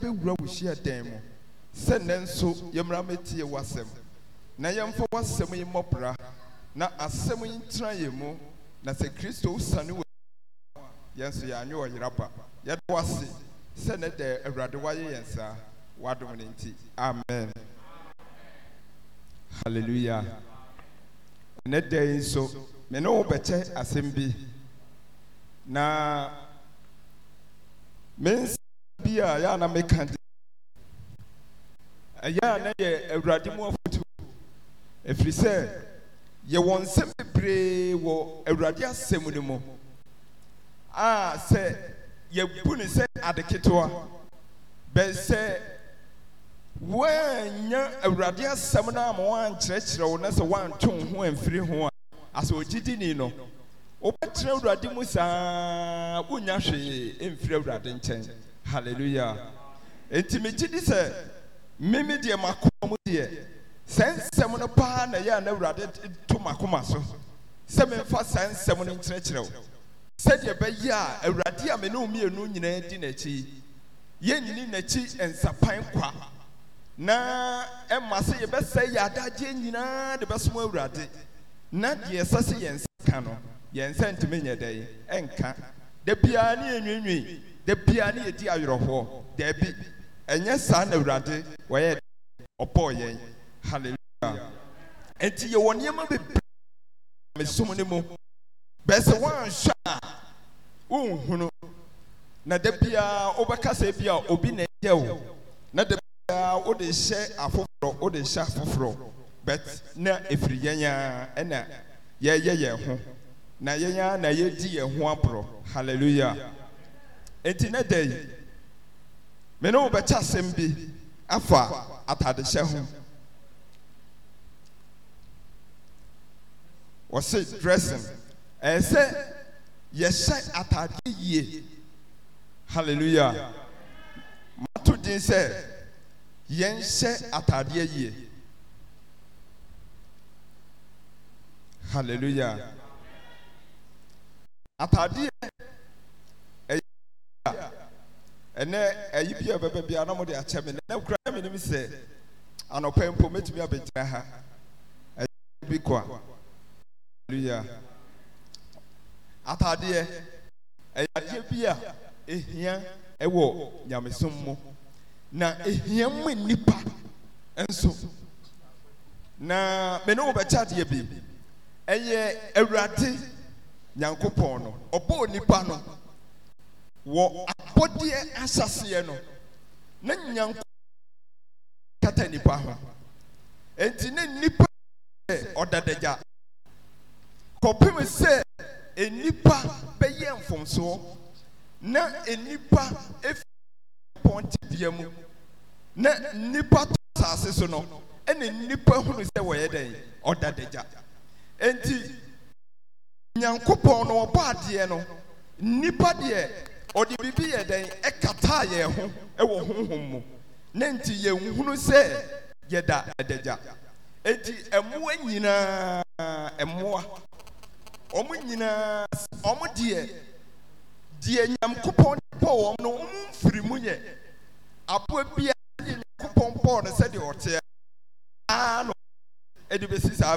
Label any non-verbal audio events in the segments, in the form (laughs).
bɛwura wo hyia dan mu sɛ nnɛ nso yɛmmra mɛtie w'asɛm na yɛmfa w'asɛm yi mmɔbra na asɛm yi ntena yɛn mu na sɛ kristo wosane wɔ yɛn nso yɛanyɛ ɔyera ba yɛda w'ase sɛ nnɛ dɛ awurade wayɛ yɛn saa w'adom no nti amen hallelujah ne da yi nso me ne wo bɛkyɛ asɛm bi na me nsa bi a yɛ ana meka de ɛyɛ a na yɛ awurade mu afotu ɛfiri sɛ yɛwɔ nsɛm bebree wɔ awurade asɛm no mu a sɛ yɛbu ne sɛ ade ketewa bɛn sɛ woanya awurade asɛm no ama woankyerɛkyerɛ wo na sɛ woanto wo ho amfiri ho a asɛ ogyidini no wobɛtena awurade mu saa wonya hwee ɛmfiri awurade nkyɛn hallelujah enti megye di sɛ mimi deɛ makoma mu deɛ saa nsɛm no paa na ɛyɛ a na awurade to makoma so sɛ memfa saa nsɛm no nkyerɛkyerɛ wo sɛdeɛ ɛbɛyɛ a awurade a me ne mmienu nyinaa di n'akyi yɛn n'akyi nsapan kwa na ɛma sɛ yɛbɛsɛ yɛ adagyeɛ nyinaa de bɛsom awurade na deɛ ɛsɛ sɛ yɛn nsa ka no yɛn nsa ntumi nyɛ dɛ ɛnka da biara ne yɛnwiinwii da bia ne yɛdi awerɛhoɔ daabi ɛnyɛ saa na awurade wɔyɛ ɔbɔɔ yɛn hallelujah nti yɛwɔ nneɛma bebree mesom ne mu bɛsɛ woanhwɛ a wonhunu na da biara wobɛka sɛ bi a obi na ɛyɛ wo na da biara wode hyɛ afoforɔ wode hyɛ afoforɔ but na ɛfiri yɛn a ɛna yɛyɛ yɛn ho na yɛn a na yɛdi yɛn ho aborɔ hallelujah nti ne da yi me ne wo bɛkyɛ asɛm bi afa atadehyɛ ho wɔse dressing ɛyɛ sɛ yɛhyɛ atadeɛ yie hallelujah mato din sɛ yɛnhyɛ atadeɛ yie hallelujah atadeɛ ɛnɛ ayi bi a bɛbɛ bia uh, uh, eh, na mode eh, akyɛ me nɛ kura na menim sɛ anɔpa mpo mɛtumi abɛgyina ha ɛyɛ bi kɔ a aleluya atadeɛ ɛyɛ adeɛ bi a ɛhia ɛwɔ nyamesom mu na ɛhia mu nnipa nso na me ne wo bɛkyɛ adeɛ bi ɛyɛ awurade nyankopɔn no ɔbɔɔ eh, onipa no wɔ abɔdeɛ asaseɛ no na nyanko kata nipa ho eti ne nipa sɛ ɔdadagya kɔpem sɛ enipa bɛyɛ mfomsoɔ na enipa efi pɔntideɛ mu na nipa to asaase so no ɛna nipa hunu sɛ wɔyɛ dɛ ɔdadagya eti nyankopɔn no ɔbɔ adeɛ no nipa deɛ. ɔde biribi yɛ dɛn ɛkataa yɛn ho ɛwɔ honhom mu ne nti yɛn hunu sɛ yɛda adagya eti ɛmoa nyinaa ɛmoa wɔn nyinaa wɔn deɛ deɛ nyankopɔn bɔ wɔn no wɔn mfiri mu yɛ aboa biara deɛ nyankopɔn bɔ no sɛdeɛ ɛde besi saa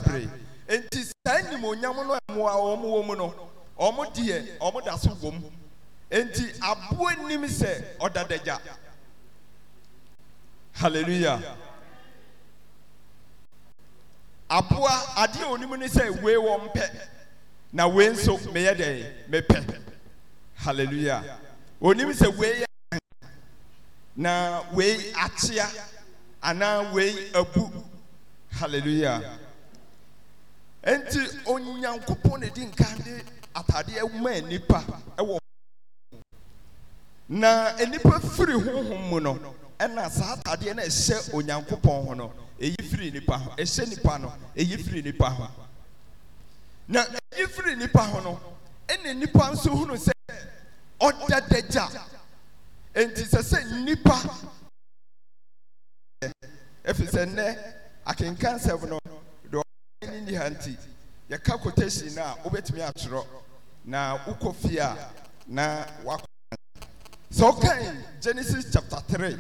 eti saa nimonyam no ɛmoa wɔn ɛnti aboa nim sɛ ɔdadagya haleluia aboa adeɛ onim ne sɛ wei wɔ mpɛ na wei nso meyɛ de mepɛ halleluia ɔnim sɛ wei ɛa na wei atea anaa wei abu halleluia enti onyankopɔn nedi nkan ne atadeɛ ma nnipa ɛwɔ na nnipa firi honhom mu no ɛna saa atadeɛ no ɛhyɛ onyankopɔn ho no ɛyi firi nipa ho ɛhyɛ nipa no ɛyi firi nipa ho na ɛyi firi nipa ho no ɛna nipa nso hunu sɛ ɔdadagya nti sɛ sɛ nipa ɛfiri sɛ nnɛ akenkan no deɛ ɔyɛ ni ha nti yɛka quotation no a wobɛtumi atwerɛ na wokɔ fie a na wakɔ sɛ wokae genesis chapta 3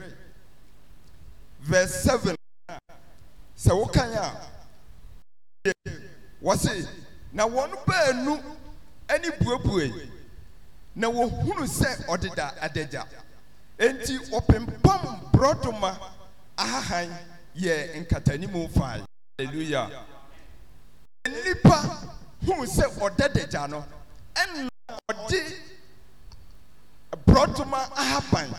vers 7 sɛ wokan aɛ wɔ se na wɔno baanu ani buabuee na wɔhunu sɛ ɔdeda adagya enti wɔpempam borɔdoma ahahan yɛɛ nkatanimu fae aleluia nnipa hunu sɛ ɔda dagya no ɛnna ɔde oh, borɔdoma ahaban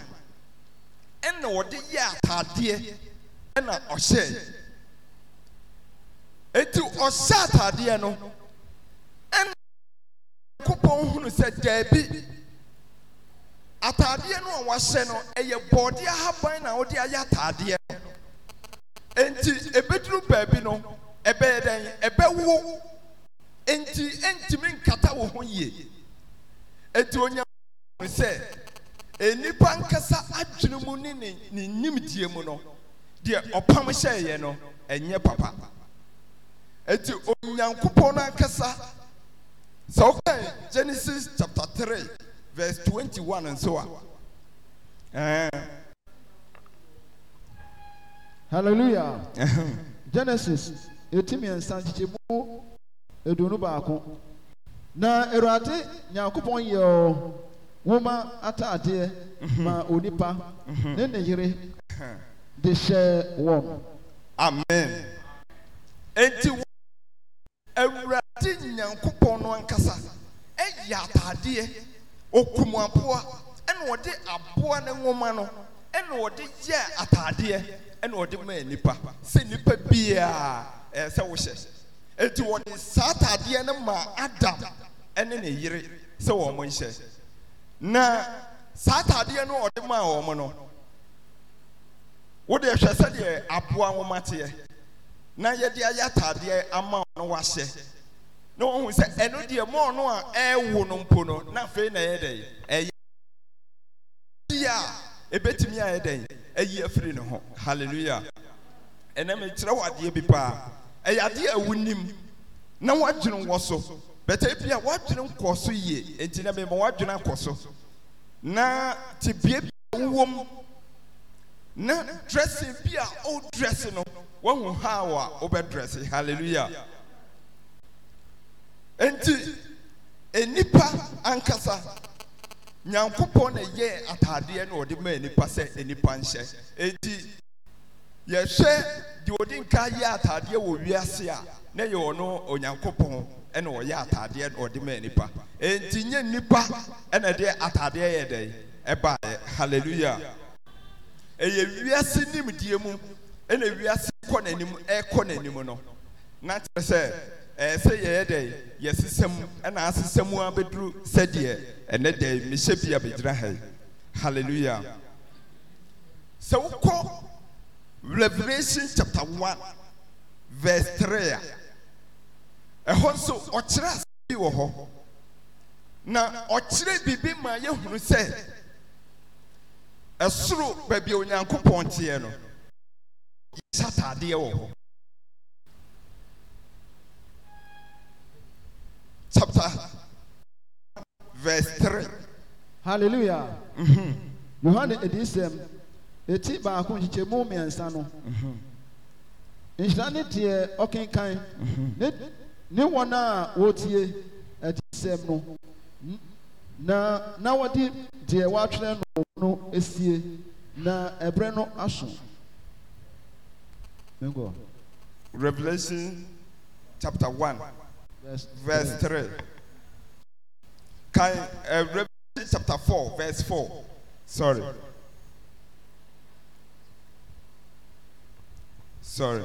ɛna wɔde yɛ ataadeɛ ɛna ɔhyɛ eti ɔhyɛ ataadeɛ no ɛna kopɔn hunu sɛ dɛɛbi ataadeɛ no a wahyɛ no ɛyɛ bɔɔdeɛ ahaban na wɔde ayɛ ataadeɛ no eti ebeduru baabi no ɛbɛyɛ dɛn ɛbɛwo eti ntumi nkata wɔn ho yie eti onyaa. sɛ enipa nkasa adwene mu ne ne nimdie mu no deɛ ɔpam hyɛeɛ no ɛnyɛ papa eti onyankopɔn no ankasa sɛ ɔka genesis chapter 3 verse 21 nso a ɛɛ. genesis eti mmiɛnsa nkyekyɛmu eduonu baako na awurade nyankopɔn yɛ ɔɔ. nwoma ataadeɛ ma mhm. onipa mhm. ne ne yere de hyɛ wɔn. amen. eti wɔn awurade nyankopɔn no ankasa ɛyɛ ataadeɛ okumuapoa ɛna ɔde aboa ne nwoma no ɛna ɔde yɛ ataadeɛ ɛna ɔde ma nipa sɛ nipa biara ɛsɛ wohyɛ eti wɔde saa ataadeɛ no ma adam ɛne ne yere sɛ wɔn nhyɛ. na saa ataadeɛ no ɔde maa wɔn no wode ɛhwɛ sɛdeɛ aboa nwoma teɛ na yɛde ayɛ ataadeɛ ama ɔno wahyɛ na wɔn sɛ ɛno deɛ ma ɔno a ɛɛwo no mpo no na afei na ɛyɛ dɛn ɛyɛ deɛ a ebetumi ayɛ dɛn ɛyi afiri ne ho hallelujah ɛnna mɛ kyerɛ wɔ adeɛ bi paa ɛyɛ adeɛ a ɛwɔ nim na wɔadwene wɔ so. bɛtɛ ebi a wadwene nkɔ so yie eti na mmemme wadwene akɔ so na tibie bi a wowom na dressing bi a o dress no wahu ha a wɔbɛ dress hallelujah nti enipa ankasa nyankopɔ na yɛ ataadeɛ na ɔde maa enipa sɛ enipa nhyɛ eti yɛhwɛ deɛ ɔde nka yɛ ataadeɛ wɔ wiase a na yɛ ɔno onyankopɔn. ɛnaɔyɛ ataadeɛ a ɔde maa nipa ɛntinnyɛ nnipa na ɛdeɛ ataadeɛ yɛ dɛ ɛbaɛ halleluya ɛyɛ wiase nimdeɛ mu ɛne wiase kɔ nanim kɔ nanim no nakyerɛ sɛ ɛyɛ sɛ yɛyɛ da yɛsesɛm ɛnaasesɛmu a bɛduru sɛdeɛ ɛnɛ da mehyɛ bi a bɛgyira hɛi halleluya sɛ wokɔ reveration cap 1 virs 3 a ɛhɔ nso ɔkyerɛ ase bi wɔ hɔ na ɔkyerɛ biribi ma yɛhunu sɛ ɛsoro baabi a onyankopɔn teɛ no yɛhyɛ ataadeɛ wɔ hɔ chapter verse three. hallelujah. Mm-hmm. yohane edisɛm eti baako nkyekyɛmu mmiɛnsa no mm-hmm. nhyira ne deɛ ɔkenkan mm-hmm. ne ne wɔn a wɔtie ɛde nsɛm no na na wɔde deɛ wɔatwerɛ no no esie na ɛbrɛ no aso. Revelation chapter one verse, verse three. Can, uh, eh, Revelation chapter four verse four. Sorry. Sorry.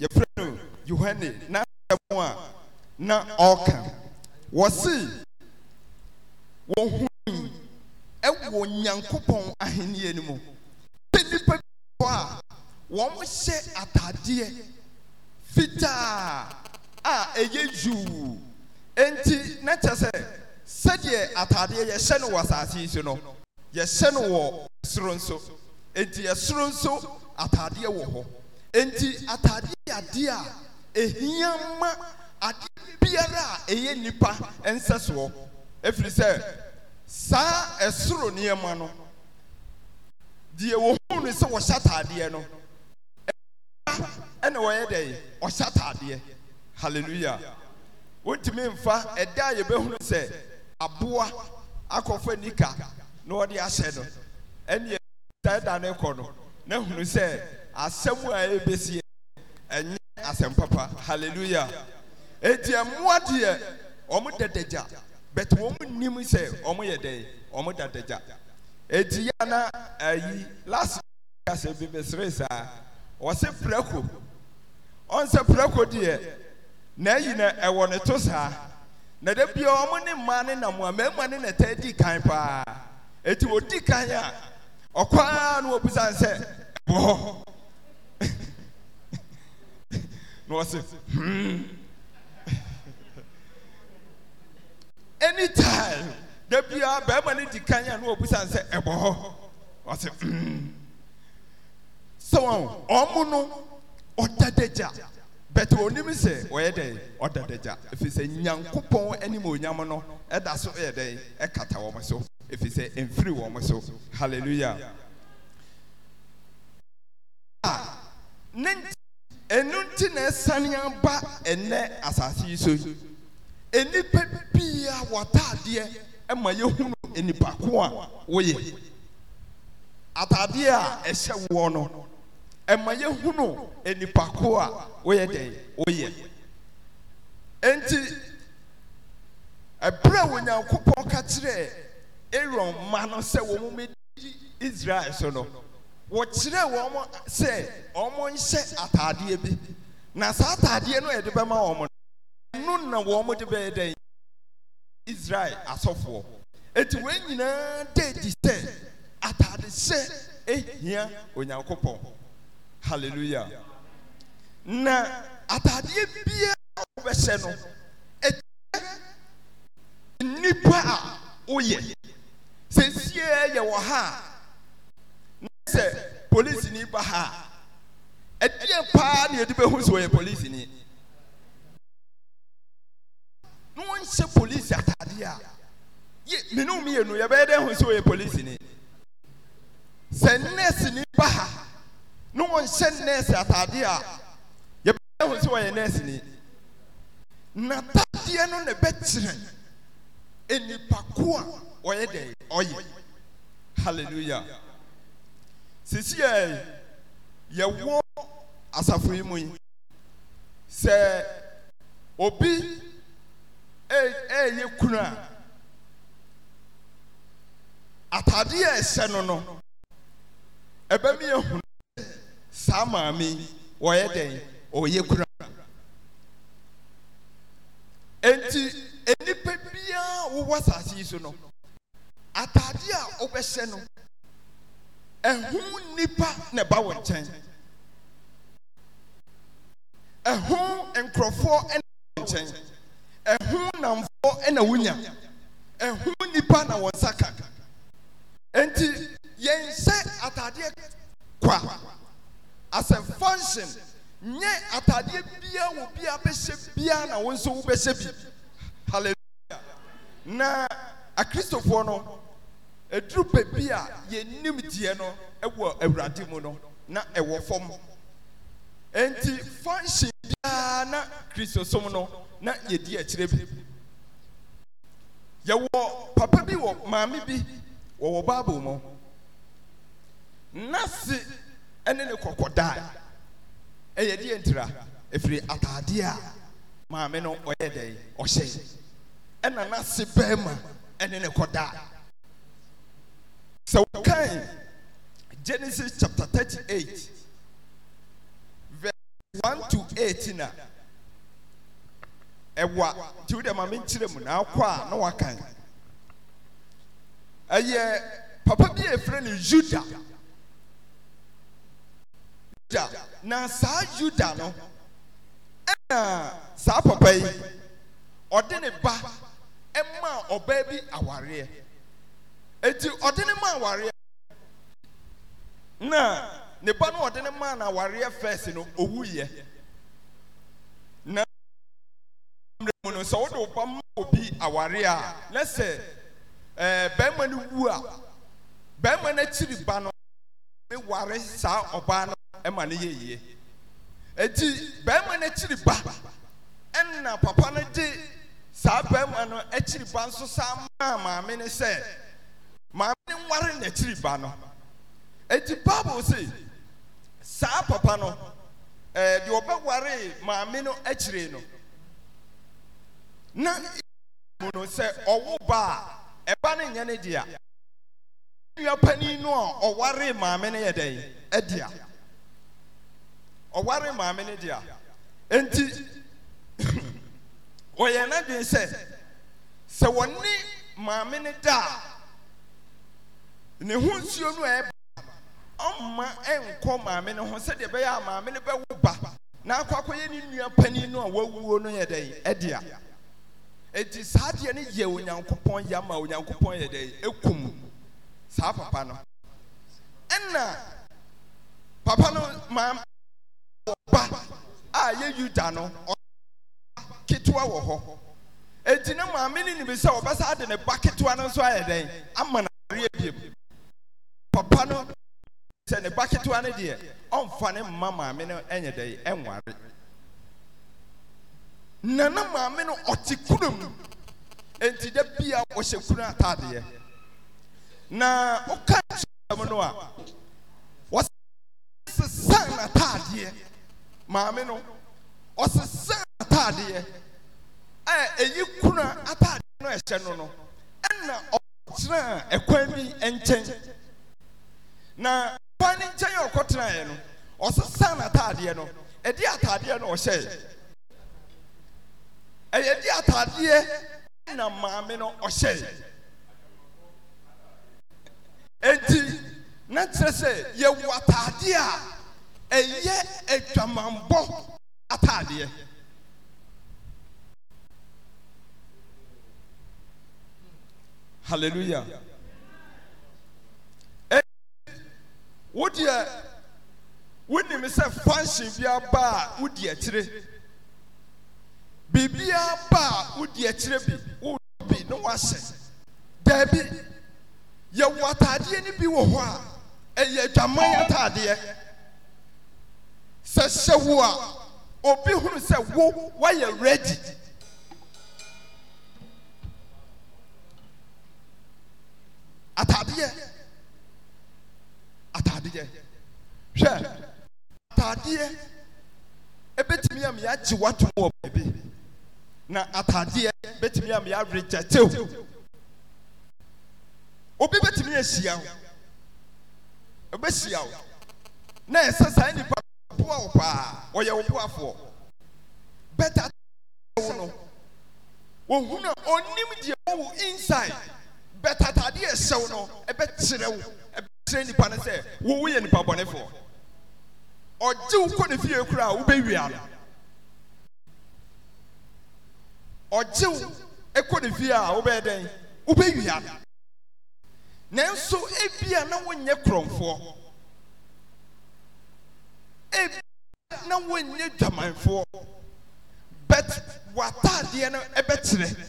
yɛfrɛ no yohane na asɛm a na ɔreka wɔse wɔhui ɛwɔ nyankopɔn ahenniɛ no mu sɛ nnipa bi hɔ a wɔhyɛ atadeɛ fitaa a ɛyɛ yuu enti na kyɛ sɛ sɛdeɛ atadeɛ yɛhyɛ no wɔ asase so no yɛhyɛ no wɔ soro nso enti yɛsoro nso atadeɛ wɔ hɔ nti ataade yɛ adeɛ a ehia ma adeɛ biara a ɛyɛ nipa nsɛsoɔ efiri sɛ saa ɛsoro nneɛma no deɛ wɔhunu no sɛ wɔhyɛ ataadeɛ no ɛna wɔyɛ dɛ ɔhyɛ ataadeɛ hallelujah wɔntumi nfa ɛda a yɛbɛhunu sɛ aboa akɔfa nika na wɔde ahyɛ no ɛnneɛ saa ɛda no kɔ no na hunu sɛ. asɛm a ɛbɛsi ɛnyɛ asɛm papa hallelujah eti ɛmoa deɛ wɔn dadagya bɛtɛ wɔn nim sɛ wɔn yɛ dɛ wɔn dadagya eti ya na ayi eh, last kasa bi bɛsere saa wɔsɛ prako ɔnsɛ prako deɛ na ayi na ɛwɔ ne to saa na de bia wɔn ne mmaa ne nam a mmarima ne na taa di kan paa eti odi kan a ɔkwa na obusa nsɛ ɛwɔ na ɔsi hmm anytime debia bɛrima ne di kan yɛ na obusa sɛ ɛbɔ hɔ ɔsi hmm sɛ wɔn ɔmo no ɔda dɛgya bɛtɛ onim sɛ ɔyɛ dɛ ɔda dɛgya efi sɛ nyankopɔn anim onyam no ɛda so ɛyɛ dɛ ɛkata wɔn so efi sɛ mfiri wɔn so hallelujah. Ah, ne ɛnu ti na ɛsane aba ɛnɛ asase yi so yi enipa pii a wɔtaadeɛ ɛma yɛhunu enipa ko a wɔyɛ ataadeɛ a ɛhyɛ wɔn no ɛma yɛhunu enipa ko a wɔyɛ dɛn wɔyɛ enti ɛbrɛ wɔnyankopɔn ka kyerɛ aaron mma no sɛ wɔn mu di israel so no. wɔkyerɛɛ wɔm sɛ ɔmɔ nhyɛ ataadeɛ bi na saa ataadeɛ no ɛde bɛma wɔm n ɛno na wɔmde bɛyɛ dɛn israel asɔfoɔ ɛnti wɔ nyinaa da adi sɛ atadehyɛ ɛhia onyankopɔn halleluya na ataadeɛ biara wobɛhyɛ no ɛ nnipa a woyɛ sɛsiea yɛ wɔ ha a pba hɛ paa neydeɛsɔyɛplic ne wɔhyɛ polise ataadeɛ a menomyɛn yɛbɛyɛ dɛ ho sɛ wɔyɛ policni sɛ nnɛrseni ba ha ne ɔnhyɛ nrs ataadeɛ a yɛbɛɛho sɛ ɔyɛ nrsni natadeɛ no ne bɛkyerɛ nipa ko a ɔyɛ d ɔyɛ halleluya sisi yɛ yɛwɔ asafo yi mu yi sɛ obi ɛɛyɛ kunu a atadeɛ a ɛhyɛ no no ɛbɛmi ehunu saa maame wɔyɛ dɛn ɔyɛ kunu a eti enipa biara wɔwɔ asase yi so no atadeɛ a ɔbɛhyɛ no ɛho nipa na ɛba wɔ nkyɛn ɛho nkurɔfoɔ na ɛba wɔ nkyɛn ɛho namfoɔ na wonya ɛho nipa na wɔn nsa ka nti yɛn hyɛ ataadeɛ kwa as a function nye ataadeɛ bia wo bia bɛhyɛ bia na wɔn nso wo bɛhyɛ bi hallelujah na akristofoɔ no. eduru beebi a yɛnim deɛ no wɔ awurade mu no na ɛwɔ fam nti function biara na kristosom no na yɛdi akyire bi yɛwɔ papa bi wɔ maame bi wɔwɔ bible mu nase ne ne kɔkɔdaa ɛyɛ deɛ ntira ɛfiri ataadeɛ a maame no ɔyɛ dɛ ɔhyɛ ɛna nase bɛrima ne ne kɔdaa. sɛ wokae genesis chapter 38 vers 1 18 a ɛwa tiwodeɛamamenkyirɛ munaa kɔ a na waakae ɛyɛ papa bia firɛ no juda uda na saa juda no ɛna saa papa yi ɔdene ba ɛmaa ɔbaa bi awareɛ eti ɔde ne maa awareɛ na ne eh, ba no ɔde ne maa na awareɛ fɛs no owu yɛ na mmerɛ mu no sɛ wode woba ma obi awareɛ a na sɛ ɛɛ bɛrima ni wu a bɛrima no akyiri ba no ne ware saa ɔbaa no ma ne yɛ yie eti bɛrima no akyiri ba ɛnna papa no de saa bɛrima no akyiri ba nso saa maa maame ne sɛ. maame ne nware n'akyiri ba no eti bible si saa papa no ɛɛ eh, deɛ ɔbɛware maame no akyiri no na mu no sɛ ɔwo ba a ɛba ne nyɛ ne dea nua panin no a ɔware maame no yɛ dɛn ɛdea ɔware maame no dea enti (coughs) wɔyɛ n'adwene sɛ sɛ wɔne maame no da a. ne ho nsuo no a ɛba ɔmma ɛnkɔ maame no ho sɛdeɛ ɛbɛyɛ a maame no bɛwo ba na akɔ akɔyɛ ne nua panin no a wawuo no yɛ dɛn ɛdea eti saa adeɛ no yɛ onyankopɔn yɛ ama onyankopɔn yɛ dɛn ekum saa papa no ɛnna papa no maame ɔba a yɛ yuda no ɔba ketewa wɔ hɔ eti ne maame no nim sɛ ɔbɛsa de ne ba ketewa no nso ayɛ dɛn ama na ɔyɛ biem. papa no sɛ ne ba ketewa no deɛ ɔmfa ne mma maame no ɛnyɛ dɛ ɛnware nana maame no ɔte kunam nti da bia ɔhyɛ kunu ataadeɛ na ɔka kyerɛm no a ɔsesan n'ataadeɛ maame no ɔsesan ataadeɛ a eyi kunu ataadeɛ no ɛhyɛ no no ɛna ɔkyerɛ a ɛkwan bi nkyɛn. na paa ne nkyɛ yɛ ɔkɔtenaɛ no ɔsesan naataadeɛ no ɛde ataadeɛ no ɔhyɛe ɛyɛ de ataadeɛ na maame no ɔhyɛe enti na kyerɛ sɛ yɛwɔ ataadeɛ a ɛyɛ adwamanbɔ atadeɛ halleluya wodeɛ wonim sɛ function bi aba a wodi akyire biribi aba a wodi akyire bi wowɔ bi ne woahyɛ daabi yɛwɔ ataadeɛ no bi wɔ hɔ a ɛyɛ adwaman ataadeɛ sɛ hyɛ wo a obi hunu sɛ wo woayɛ ready ataadeɛ adeɛ hwɛ ataadeɛ ebetumi a mea gye wato wɔ baabi na ataadeɛ betumi a mea regyɛtew obi betumi ahyia wo obehyia wo na ɛsɛ saa nipa boa o paa ɔyɛ wo boafoɔ bɛta wo no ohun a onim deɛ ɔwɔ inside bɛtatadeɛ ɛhyɛw no ɛbɛkyerɛ wo kyerɛ nipa no sɛ wo woyɛ nipa bɔnefoɔ ɔgye wo kɔ ne fie kora a wobɛwia no ɔgye wo kɔ ne fie a wobɛyɛ dɛn wobɛwia no nanso ebia na wonyɛ korɔmfoɔ ebia na wonyɛ dwamanfoɔ bɛt w'ataadeɛ no ɛbɛkyerɛ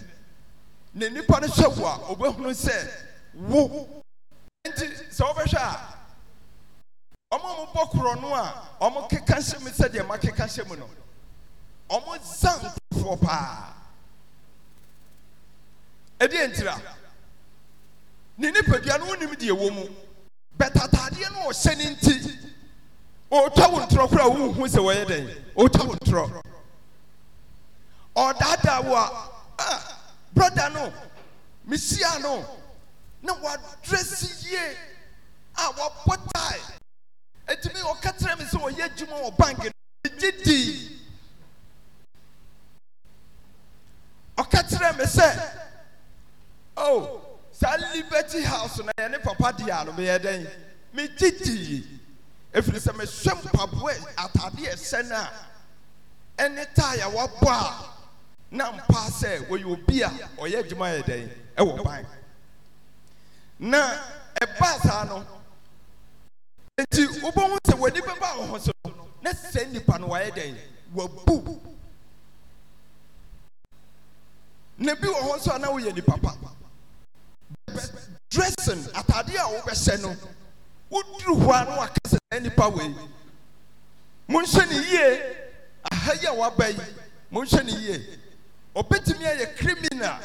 na nipa no hwɛ wo a ɔbɛhunu sɛ wo nti sɛ wɔbɛhwɛ a wɔn a wɔbɔ korɔ no a wɔkeka hyɛ mu sɛdeɛ makeka hyɛ mu no wɔza nkurɔfoɔ paa ɛdeɛ ntira ne nipadua no wonim deɛ wɔ mu bɛtatadeɛ no ɔhyɛ ne nti ɔretwa wo ntorɔ koraa wohu sɛ wɔyɛ dɛn ɔretwa wo ntorɔ ɔdaadaa wo a ah brɔda no mehyia no na wadrɛsi yie a wɔbɔ tae ɛtumi wɔka kyerɛ me sɛ wɔyɛ adwuma wɔ bank no megye dii ɔka kyerɛ sɛ o oh, saa liberty house na yɛne papa de a no meyɛ dɛn megye dii ɛfiri sɛ mehwɛ mpaboa atadeɛ ɛhyɛ no a ɛne tae a wɔbɔ a na mpa sɛ wɔyɛ obi a ɔyɛ adwuma yɛ dɛn ɛwɔ ban na ɛbaa saa no nti wobɛhu sɛ w'ani bɛba wɔ hɔ so no na saa nnipa no wayɛ dɛn wabu na bi wɔ hɔ so a na woyɛ nipa pa dressing atadeɛ a wobɛhyɛ no woduru hɔ a na waka sɛ saa nnipa wei monhyɛ ne yie aha yi a waba yi monhyɛ ne yie ɔbɛtumi ayɛ criminal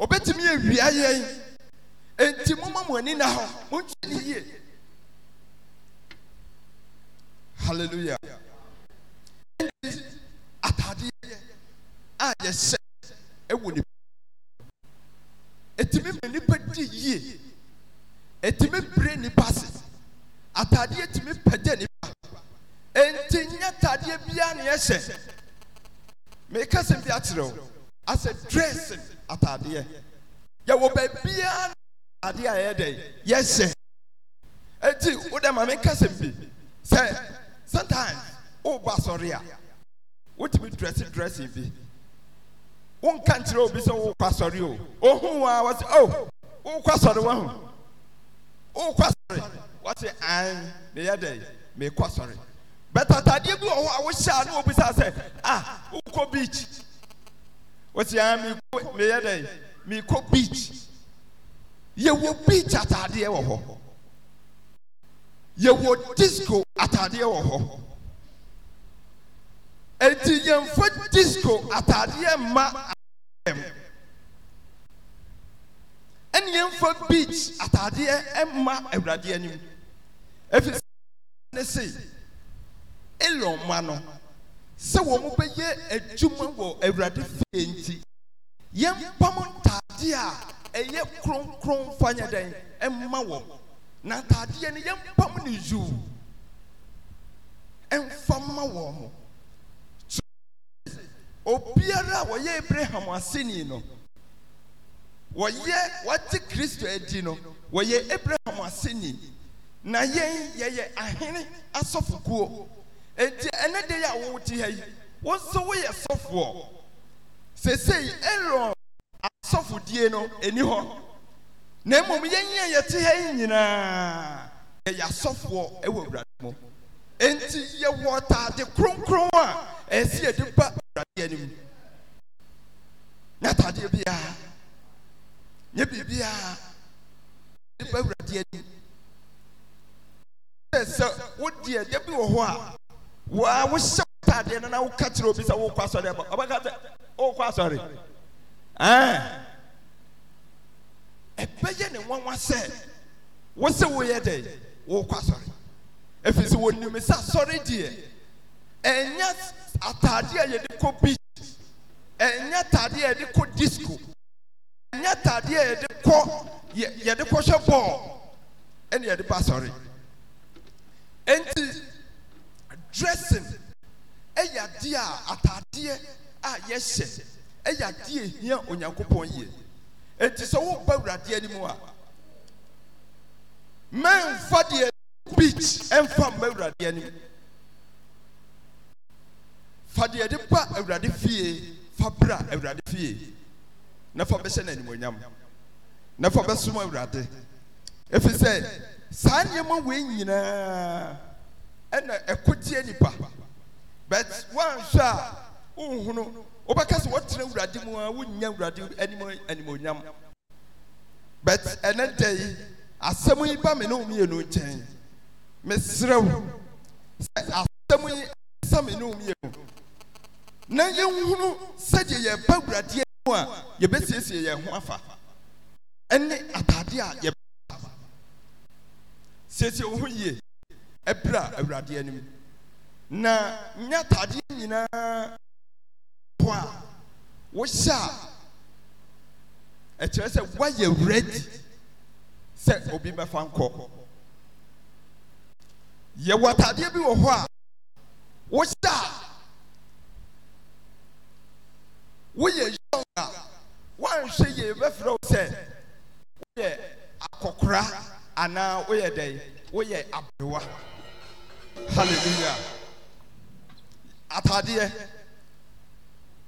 ɔbɛtumi awia yɛn enti momma mo ani na hɔ monhyɛ ne yie halleluya nti atadeɛ a yɛ sɛ wɔ ip ɛtumi ma nnipa gyi yie ɛtumi berɛ nnipa se atadeɛ tumi pɛgya nnipa ɛntiyɛ taadeɛ biara ne ɛsɛ mekasɛmbi akyerɛ wo asɛ dress atadeɛ yɛwɔ ba biara natadeɛ ayɛdɛ yɛ sɛ nti wodɛ ma menka sɛmpi sɛ sometimes woba asɔre a wotumi drɛse drɛse bi wonka nkyerɛ obi sɛ wokɔ asɔre o ohu a wɔse o wokɔ asɔre wahu wokɔ asɔre wɔse an ne yɛ dɛ mekɔ asɔre bɛtɛ atadeɛ bi wɔ hɔ a wohyɛ a ne wɔbisa sɛ ah wokɔ beach wɔse an meyɛ dɛ mekɔ beach yɛwɔ beach atadeɛ wɔ hɔ yɛwɔ disco ataadeɛ wɔ hɔ eti yɛnfa disco ataadeɛ mma ataadeɛ ɛna yɛnfa beach ataadeɛ ma awurade anim efisɛ ne se elon ma no sɛ wɔn bɛyɛ adwuma wɔ awurade fie nti yɛnpam ntaadeɛ a ɛyɛ kronkron fanyɛ dɛn mma wɔn. nantaadeɛ no yɛmpam ne yow ɛmfamma wɔn mu obiara a wɔyɛ abraham aseni no wɔyɛ wate kristo adi no wɔyɛ abraham aseni na yɛn yɛyɛ ahene asɔfokuo enti ɛnɛ de yɛ a wowo te ha yi wosɛ woyɛ sɔfoɔ see sei lɔn asɔfodie no ani hɔ na mmom yɛn a yɛte ha yi nyinaa yɛyɛ asɔfoɔ wɔ awurade mu enti yɛwɔ ataade kronkron a ɛsɛ yɛde ba awurade anim na ataadeɛ biara nyɛ biribiara yɛde ba awurade anim sɛ sɛ wodeɛ da bi wɔ hɔ a waa wohyɛ ataadeɛ no na woka kyerɛ obi sɛ wokɔ asɔre aba ɔbɛka sɛ wokɔ asɔre ɛn ɛbɛyɛ ne nwanwa sɛ wosɛ woyɛ dɛ wokɔ asɔre ɛfiri sɛ wɔnim sɛ asɔre deɛ ɛnyɛ ataadeɛ a yɛde kɔ beach ɛnyɛ ataadeɛ a yɛde kɔ disco ɛnyɛ ataadeɛ a yɛde kɔ yɛde kɔhyɛ bɔɔl ɛne yɛde ba asɔre enti dressing ɛyɛ adeɛ a ataadeɛ a yɛhyɛ ɛyɛ adeɛ a ehia onyankopɔn yie. enti sɛ woba awurade animu a mamfadeɛ beaky ɛmfamma awurade anim fadeade ba awurade fie fabra awurade fie na fabɛhyɛ n'animonyam na fa bɛsom awurade ɛfiri sɛ saa nneɛma wei nyinaa ɛna ɛkoteɛ nnipa but woansɛ a wonhunu wobɛka sɛ wɔtena awurade mu a wonnya awurade anim animonyam but ɛnɛ da yi asɛm yi ba me ne wo mmienu nkyɛn meserɛ wo sɛ asɛm yi sa me ne wo mmienu na yɛnhunu sɛdeɛ yɛba awurade mu a yɛbɛsiesie yɛn ho afa ɛne atade a yɛbɛfa siesie wo ho yie ɛberɛ a awurade anim na nyɛ atade nyinaa mpo a wohyɛ a ɛkyerɛ sɛ woayɛ ready sɛ obi bɛfa nkɔ yɛwɔ atadeɛ bi wɔ hɔ a wohyɛ a woyɛ yɔn a woanhwɛ yie bɛfrɛ wo sɛ woyɛ akɔkora anaa woyɛ dɛn woyɛ aberewa hallelujah atadeɛ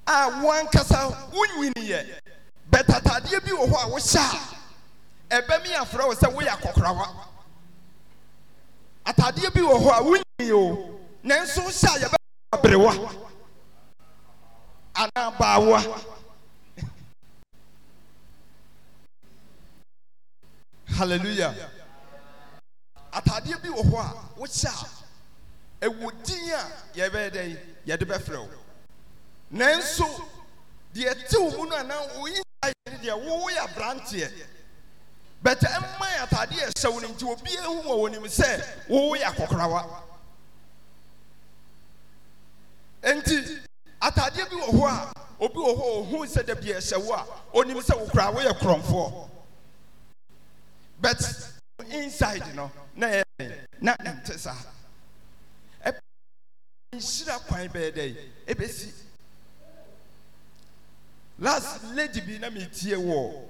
a wankasa wonyiniɛ bɛtatadeɛ bi wɔ hɔ a wohyɛ a ɛbɛ mi afrɛ wo sɛ woyɛ akɔkorawa atadeɛ bi wɔ hɔ a wonyiniɛ o nanso hyɛ a yɛbɛ aberewa anaa baawa (laughs) hallelujah atadeɛ bi wɔ hɔ a wohyɛ a ɛwɔ din a yɛbɛyɛ dɛ yɛde bɛfrɛ wo nanso deɛ te wo mu no anan woyi ayɛ ne deɛ woyɛ aberanteɛ bɛtɛ mma yɛ ataadeɛ ɛhyɛ wo no nti obi ehu wɔ wɔn nim sɛ woyɛ akɔkorawa nti ataadeɛ bi wɔ hɔ a obi wɔ hɔ a ohun sɛ dabi ɛhyɛ wo a onim sɛ wokura woyɛ korɔnfoɔ but inside no na yɛ na nte saa ɛpɛ nhyira kwan bɛyɛ dɛ ebesi. last lady bi na metie wɔ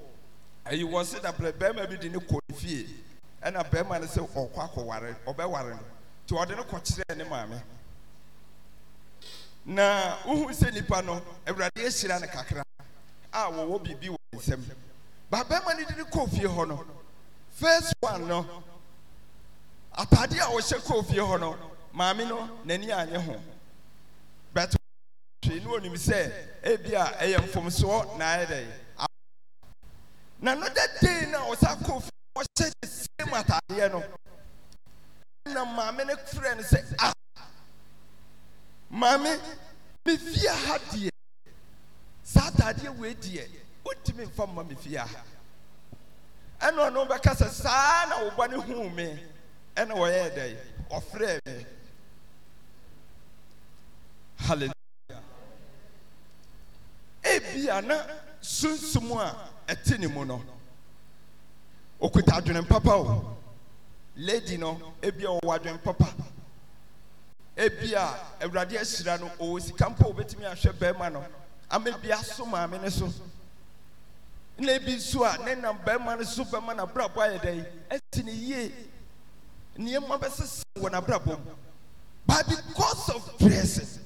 ayi wɔ se da brɛ bɛrima bi de ne kɔ fie ɛna bɛrima no sɛ ɔkɔ akɔware ɔbɛware no nti ɔde no kɔkyerɛɛ ne maame na wohu sɛ nipa no awurade ahyira no kakra a wɔwɔ biribi wɔ nsɛm ba bɛrima no de ne kɔ fie hɔ no first one no atadeɛ a ɔhyɛ kɔ fie hɔ no maame no n'ani anyɛ ho bɛto twi ne ɔnim sɛ bia ɛyɛ mfomsoɔ nayɛda na no da dei no a ɔ sa kof ɔhyɛ de sɛem ataadeɛ no na mame no frɛ no sɛ ah, mame mefie aha deɛ saa daadeɛ wei deɛ ɔtumi mfamma me fieha ɛnɛ ɔno bɛka sɛ saa na woba ne huu me ɛna ɔyɛɛ dɛ ɔfrɛɛ me ebia na sunsum a ɛte ne mu no ɔkuta adwenempapa o ledi no bia wɔwɔ adwen papa ebia awurade ahyira no ɔwɔ sika mpo wɔbɛtumi ahwɛ barima no amɛ bi aso maame ne so ne bi so a ne nam barima no so bɛma nabrabɔ ayɛ dɛɛ ɛti ne yiee nneɔma bɛsesa wɔ nabrabɔ mu b because of prs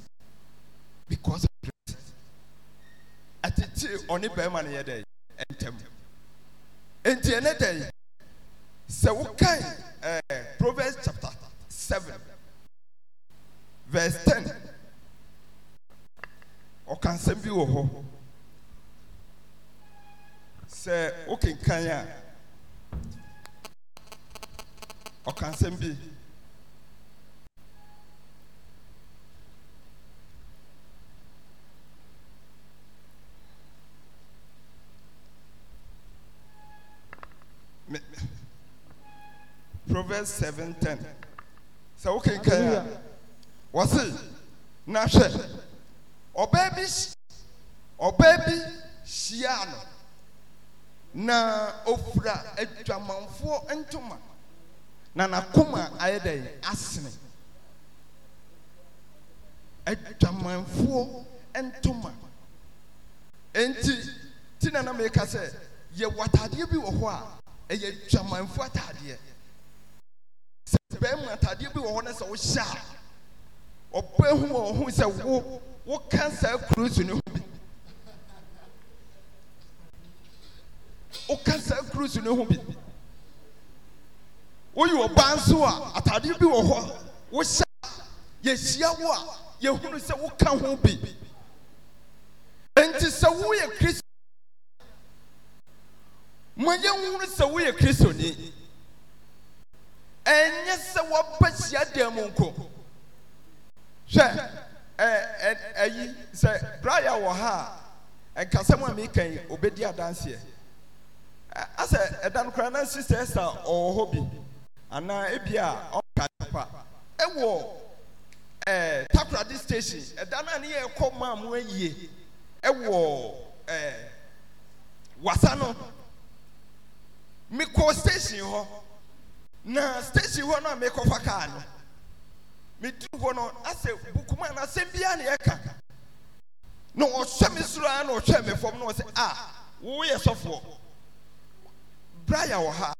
ɛtete ɔne bɛrima no yɛ dɛ ɛntɛm nti ɛnɛ dɛ sɛ wokan ɛɛ eh, proverbs chapter seven verse ten ɔka nsɛm bi wɔ hɔ sɛ wokenkan a ɔka nsɛm bi. Proverbs 7:10. Sɛ wokenkan a wɔse na hwɛ ɔbaa bi ɔbaa bi hyia no na ofura adwamanfoɔ ntoma na n'akoma ayɛ dɛ asene adwamanfoɔ ntoma enti ti na na mɛka sɛ yɛ wɔ ataadeɛ bi wɔ hɔ a ɛyɛ dwamanfo ataadeɛ sɛ bɛrima ataadeɛ bi wɔ hɔ no sɛ wohyɛ a ɔbɛhu wɔ ho sɛ wo woka saa kurusu no ho bi woka saa kurusu no ho bi woyɛ ɔbaa nso a ataadeɛ bi wɔ hɔ wohyɛ yɛhyia wo a yɛhunu sɛ woka ho bi enti sɛ woyɛ kristo ma yɛnwunu sɛ woyɛ kristoni ɛnyɛ sɛ wɔbɛ hyia dan mu nko hwɛ ɛyi e, e, sɛ braya wɔ ha a nkasɛm a meka yi obɛdi adanseɛ e, asɛ ɛdan koraa na sista ɛsa ɔwɔ hɔ bi anaa ebi a ɔka nipa ɛwɔ ɛɛ takoradi station ɛdan a ne yɛ ɛkɔ maa mu ayie ɛwɔ ɛɛ wasa no. mekɔɔ statin hɔ na statin hɔ no a merkɔ fa kar no mediri hɔ no asɛ bukuma a naasɛm biara ne ɛka na ɔhɛ me suroaa na ɔhwɛɛ mefam ne wɔ sɛ a wooyɛ sɔfoɔ bera ya wɔ haa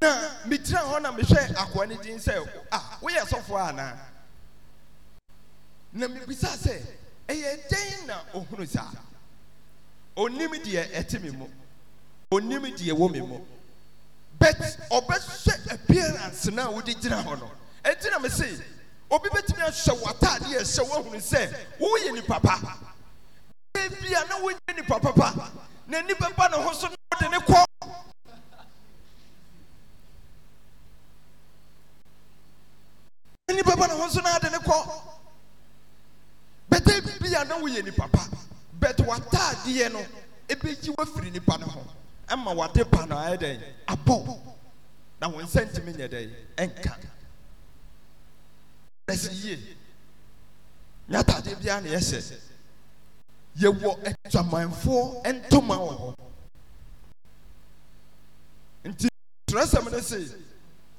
na metira hɔ na mehwɛ akoa ne gin sɛ woyɛ sɔfoɔ anaa na mebisa sɛ ɛyɛ dɛn na ɔhunu saa onim deɛ ɛte mi mu onim deɛ wɔ mi mu bet ɔbɛhwɛ appearance na wɔde gyina hɔ no ɛti na mi se obi bɛtumi ahyɛ w'ataadeɛ ɛhyɛ wɔhunu sɛ wɔyɛ nipa pa bia na wɔnyɛ nipa papa na ni bɛba ne ho so na wɔde ne kɔ. Nani bɛba ne ho so na wɔde ne kɔ. Bɛtɛ bia na wɔyɛ nipa pa but w'ataadeɛ no ebɛyi w'afiri nipa no ho ɛma w'ade pa no ayɛ dɛ abɔ na wɔn nsa ntumi nyɛ dɛ ɛnka ɛsi yie nyɛ ataadeɛ biara na yɛhyɛ yɛwɔ adwamanfoɔ ntoma wɔ hɔ nti twerɛsɛm no se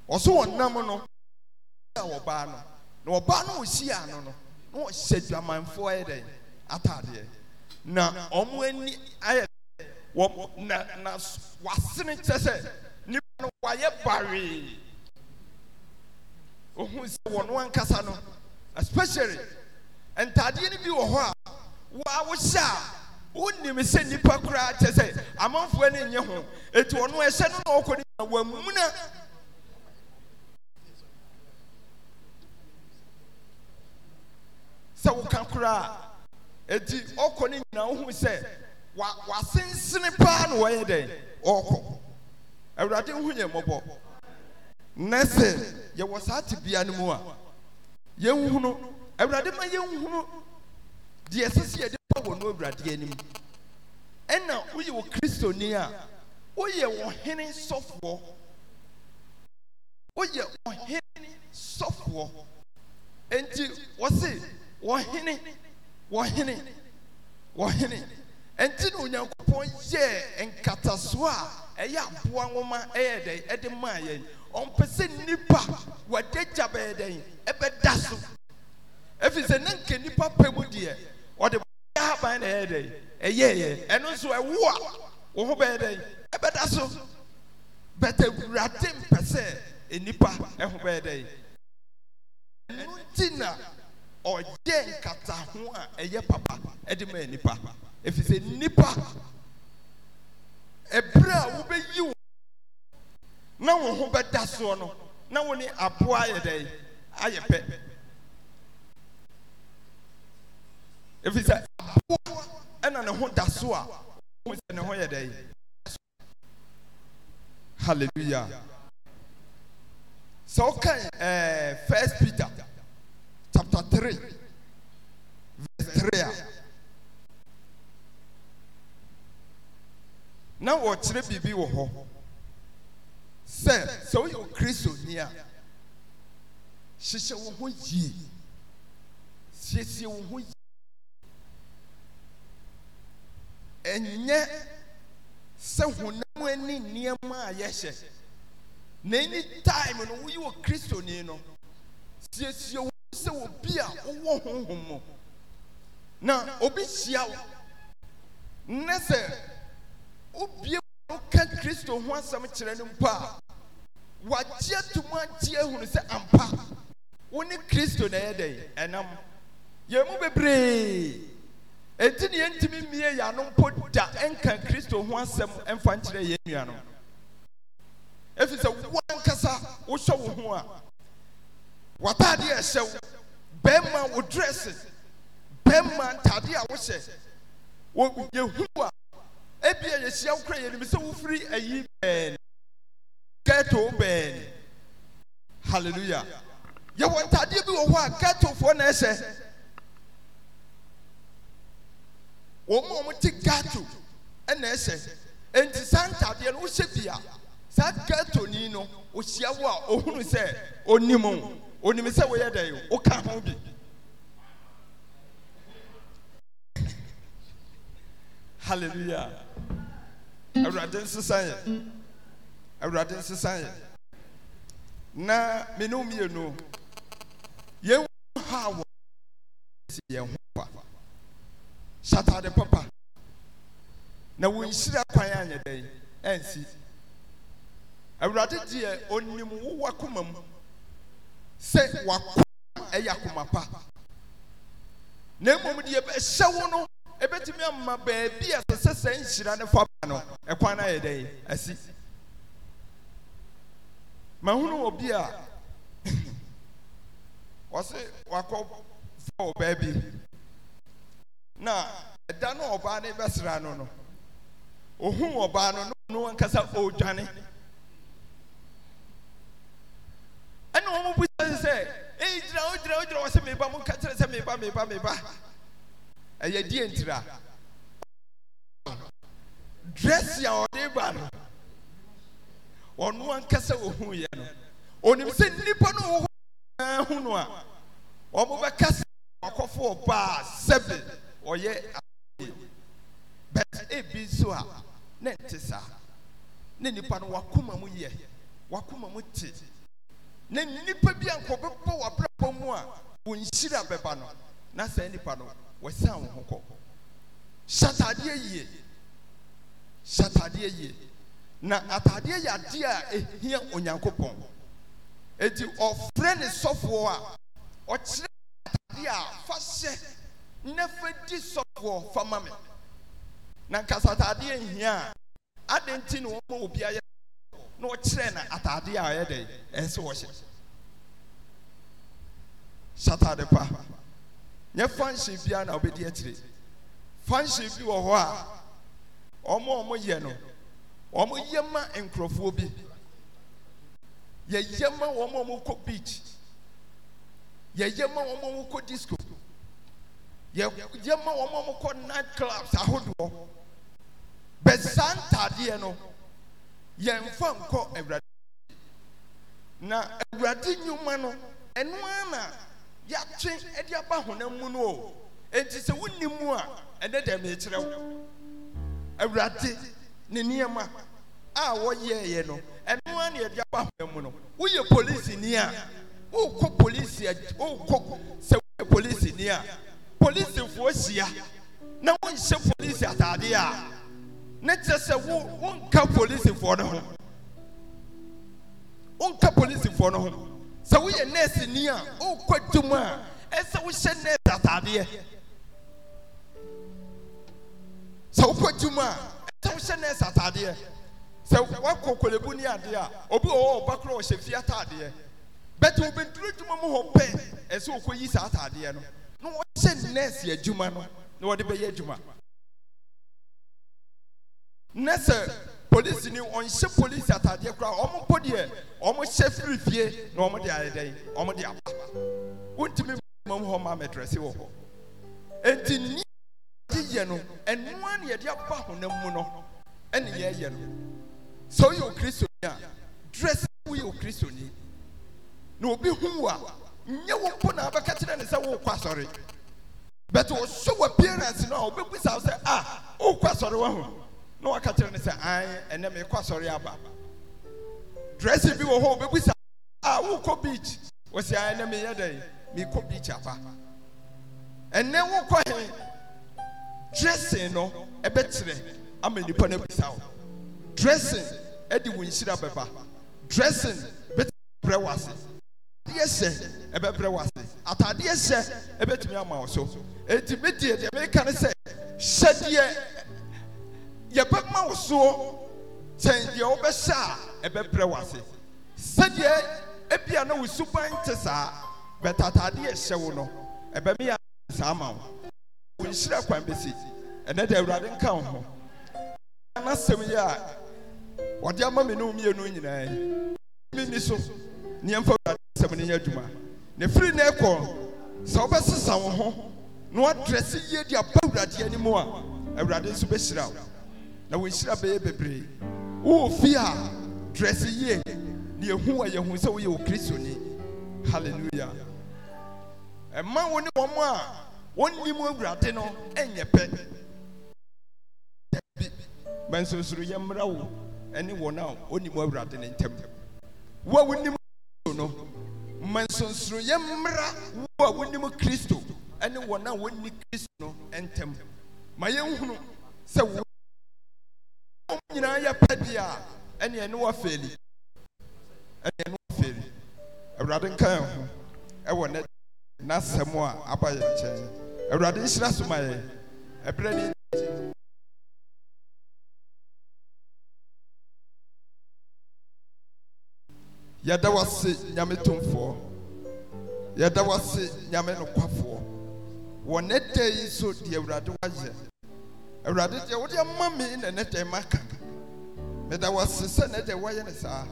ɔso wɔn nam no a wɔbaa no na ɔbaa no a ano no na ɔhyɛ adwamanfoɔ ayɛ dɛ ataadeɛ. na ɔmo ani ayɛɛ na wasene kyɛ sɛ nnipa no wayɛ baree ohuu sɛ wɔnoankasa no especially ɛntaadeɛ no bi wɔ hɔ a woa wohyɛ a wonim sɛ nnipa koraa kyɛɛ sɛ amamfoa ne nyɛ ho ɛnti ɔno ɛhyɛ no na ɔɔkɔne a wammuna sɛ woka koraa eti ɔkɔ ni nyina ohun sɛ wa wa wasensene paa na ọ dɛ ɔkɔ awurade ho yɛ mɔbɔ nɛsɛ yɛwɔ saa te bia no mu a yɛn hunu awurade ma yɛn hunu deɛ sisi yɛde pa wɔ no awurade anim ɛna woyɛ wɔ kristoni a woyɛ ɔhene sɔfoɔ woyɛ ɔhene sɔfoɔ enti wɔsi ɔhene. wɔhene wɔhene ɛnti na onyankopɔn yɛ nkatasoɔ a ɛyɛ aboa nwoma ɛyɛ dɛn ɛde maa yɛn ɔmpɛ sɛ nipa wɔadagya bɛyɛ dɛn ɛbɛda so ɛfiri sɛ na nka nipa pɛ mu deɛ ɔde bɛyɛ haban na ɛyɛ dɛn ɛyɛɛyɛ ɛno nso ɛwo a wo ho bɛyɛ dɛn ɛbɛda so bɛtɛ wurade mpɛ sɛ nipa ɛho bɛyɛ dɛn ɛno nti na ɔyɛ nkataho a ɛyɛ papa ɛde ma nipa efi sɛ nipa ɛbrɛ a wobɛyi wo na wo ho bɛda soɔ no na wo ne aboa ayɛ dɛ ayɛ pɛ efi sɛ aboa ɛna ne ho da so a wo sɛ ne ho yɛ dɛ hallelujah sɛ so, wokan okay, ɛɛ uh, eh, first peter. 3 v3 a na wɔkyerɛ biribi wɔ hɔ sɛ sɛ woyɛ wɔ kristoni a hyehyɛ wo ho yie siesie wo ho yie ɛnyɛ sɛ honam ani nneɛma a yɛhyɛ naɛni time no woyɛ wɔ kristoni no seseo sɛ obi a wowɔ honhom mu na obi hyia wo ne sɛ wobie woka kristo ho asɛm kyerɛ no mpo a wagye atom agye ahunu sɛ ampa wo ne kristo na ɛyɛ dɛn ɛnam yɛn mu bebree eti ne yɛntumi mie yɛ ano mpo da nka kristo ho asɛm mfa nkyerɛ yɛn nuanom efisɛ wɔn ankasa wohyɛ wo ho a w'ataadeɛ ɛhyɛ wo bɛrima wo dresse bɛrima ntaade a wohyɛ wo yehu a ebi a yɛhyia wo kora yɛnim sɛ wofiri ayi bɛn ghetto bɛn hallelujah yɛwɔ ntaadeɛ bi wɔ hɔ a ghettofoɔ na ɛhyɛ wɔn a wɔte ghetto ɛna ɛhyɛ nti saa ntaadeɛ no wohyɛ bi a saa ghetto ni no wohyia wo a ohunu sɛ onim o. onim sɛ woyɛ daio woka ho bi halleluya awurade nseaɛ awurade nsesan eɛ na menomyɛno yɛhaaw yɛ ho a hyɛtaade papa na wonhyira kwan anyɛ dɛn ɛnsi awurade deɛ onim wowa koma mu sɛ wakoma ɛyɛ akoma pa na mmom deɛ ɛhyɛ wo no ɛbɛtumi ama baabi a sɛ sɛ nhyira ne fa ba no ɛkwan no ayɛ dɛn asi mahunu wɔ bi a (laughs) wɔse wakɔ fa wɔ baabi na ɛda no ɔbaa no bɛsra no no ohun ɔbaa no no no ankasa ɔredwane ɛna wɔn busa sɛ ee gyina o gyina o gyina wɔsɛ meba mo nka kyerɛ sɛ meba meba meba ɛyɛ die ntira dress a ɔde ba no ɔno ankasa ohu yɛ no onim sɛ nipa no wɔ hɔ nyinaa no a wɔn bɛka sɛ wakɔfo ɔbaa sɛbi ɔyɛ asɔre bɛt ebi nso a ne nte saa ne nipa no wakoma mu yɛ wakoma mu te na nipa bi a nkɔbɛbɔ w'abrabɔ mu a wɔn nhyira bɛba no na saa nipa no wɔsan wɔn ho kɔ hyɛ ataadeɛ yie hyɛ yie na ataadeɛ yɛ adeɛ a ehia onyankopɔn eti ɔfrɛ ne sɔfoɔ a ɔkyerɛ ataadeɛ a fa hyɛ na di sɔfoɔ fa ma mi na nkasa ataadeɛ nhia a adanti na wɔn mo obi ayɛ na ɔkyerɛ na ataade a ɔyɛ dɛ ɛsɛ wɔhyɛ hyɛ pa nyɛ fanhyɛ biara na ɔbɛdi akyire fanhyɛ bi wɔ hɔ a ɔmo ɔmo yɛ no ɔmo yɛ ma nkurɔfoɔ bi yɛyɛ ma wɔn a wɔkɔ beach yɛyɛ ma wɔn a wɔkɔ disco yɛyɛ ma wɔn a wɔkɔ night clubs ahodoɔ bɛsa ntaadeɛ no yɛn fa nkɔ awurade na awurade nnwuma no ɛno ara na yɛatwe de aba honam mu no o enti sɛ wonim mu a ɛnɛ dɛm ɛkyerɛ wo awurade ne nneɛma a wɔyɛɛyɛ no ɛno ara na yɛde aba honam mu no woyɛ polisini a wokɔ polisi a wokɔ sɛ woyɛ polisini a polisifoɔ hyia na wonhyɛ polisi ataadeɛ a ne kyerɛ sɛ wo wonka polisifoɔ no ho wonka polisifoɔ no ho sɛ woyɛ nɛɛse ni a wokɔ dwuma a ɛsɛ wohyɛ nɛɛse ataadeɛ sɛ wokɔ dwuma a ɛsɛ wohyɛ nɛɛse ataadeɛ sɛ woakɔ kolebu ne adeɛ a obi wɔ hɔ ɔba korɔ ɔhyɛ fie ataadeɛ bɛtɛ obɛduru adwuma mu hɔ pɛ ɛsɛ wokɔyi saa ataadeɛ no na wɔhyɛ nɛɛse adwuma no na wɔde bɛyɛ adwuma ne sɛ polisi ni ɔnhyɛ polisi ataadeɛ kura wɔn po deɛ wɔn hyɛ firi fie na wɔn de ayɛ dɛ wɔn de aba wɔntumi mɔmu hɔ maa mɛtrɛsi wɔ hɔ eti ni yɛ no ɛnua ni yɛde aba honam mu no ɛni yɛyɛ no sɛ oyɛ o kristoni a dress oyɛ o kristoni na obi hu wa nye wo po na abɛka kyerɛ ne sɛ wo asɔre bɛtɛ o wɔ appearance no obi bisa sɛ a ah, o asɔre wɔ ho na waka kyerɛ no sɛ an ɛnɛ mekɔ asɔre aba dressing bi wɔ hɔ wobɛbisa a wokɔ beach wɔsi an ɛnɛ meyɛ dɛn mekɔ beach aba ɛnɛ wokɔ he dressing no ɛbɛkyerɛ ama nipa no bisa wo dressing ɛde wo nhyira bɛba dressing bɛtɛbrɛ wɔ ase adeɛ hyɛ ɛbɛbrɛ wɔ ase atadeɛ hyɛ ɛbɛtumi ama wo so ɛnti medie deɛ meka ne sɛ hyɛdeɛ yɛbɛma wo soɔ kyɛn deɛ wobɛhyɛ a ɛbɛbrɛ wo ase sɛdeɛ ebia na wo suban te saa bɛtataade ɛhyɛ wo no ɛbɛmi a saa ma wo wo nhyira kwan bɛsi ɛnɛ de awurade nka wo ho n'asɛm yi a wɔde ama mi ne wo mmienu nyinaa yi mi ni so nneɛma awurade asɛm ne yɛ adwuma ne firi ne kɔ sɛ wobɛsesa wo ho na wadrɛse yie de aba awurade anim a awurade nso bɛhyira wo na wɔnhyira bɛyɛ bebree wofi a drɛse yie na yɛhu a yɛhu sɛ woyɛ wo kristoni halleluya ɛma wo ne wɔn a wɔnnim awurade no ɛnyɛ pɛ dabi bɛnsonsoro yɛmmra wo ne wɔn a wɔnnim awurade no ntam wo a wonim kristo no mmansonsoro yɛmmra wo a wonim kristo ne wɔn a wɔnni kristo no ntam ma yɛnhunu sɛ wo nyinaa yɛ pɛ a ɛne ɛne wɔ fɛli ɛne ɛne wɔ fɛli awurade nka yɛn ho ɛwɔ ne n'asɛm a aba yɛn nkyɛn awurade nhyira so ma yɛn ɛbrɛ yɛda wase nyame tomfoɔ yɛda wase nyame awurade deɛ wode ama me na ne dɛn ma ka meda wase sɛ ne dɛn woayɛ ne saa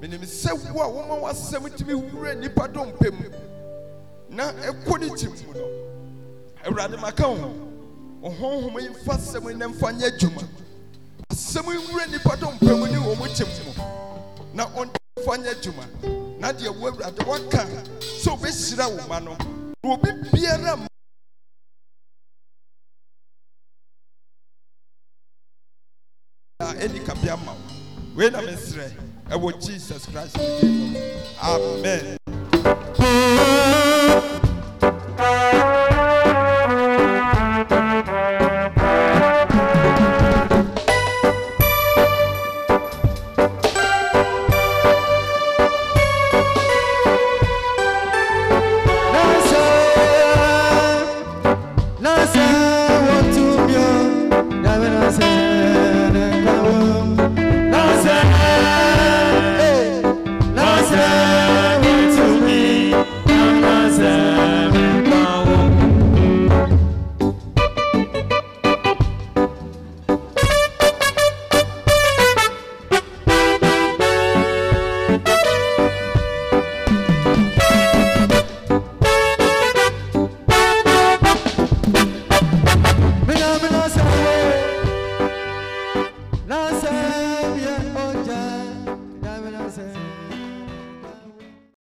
menim sɛ wo a woma w'asɛm tumi wura nnipa dɔmpɛ mu na ɛkɔ ne kyim mu no awurade maka wo wo mfa asɛm ne mfa nyɛ adwuma asɛm wura nnipa dɔmpɛ mu ne wɔ mu kyim mu na ɔnde nyɛ adwuma na deɛ wo awurade waka sɛ wobɛhyira wo ma no na obi biara Any kabea ma wo na mesrɛ ɛwɔ jesus christ amen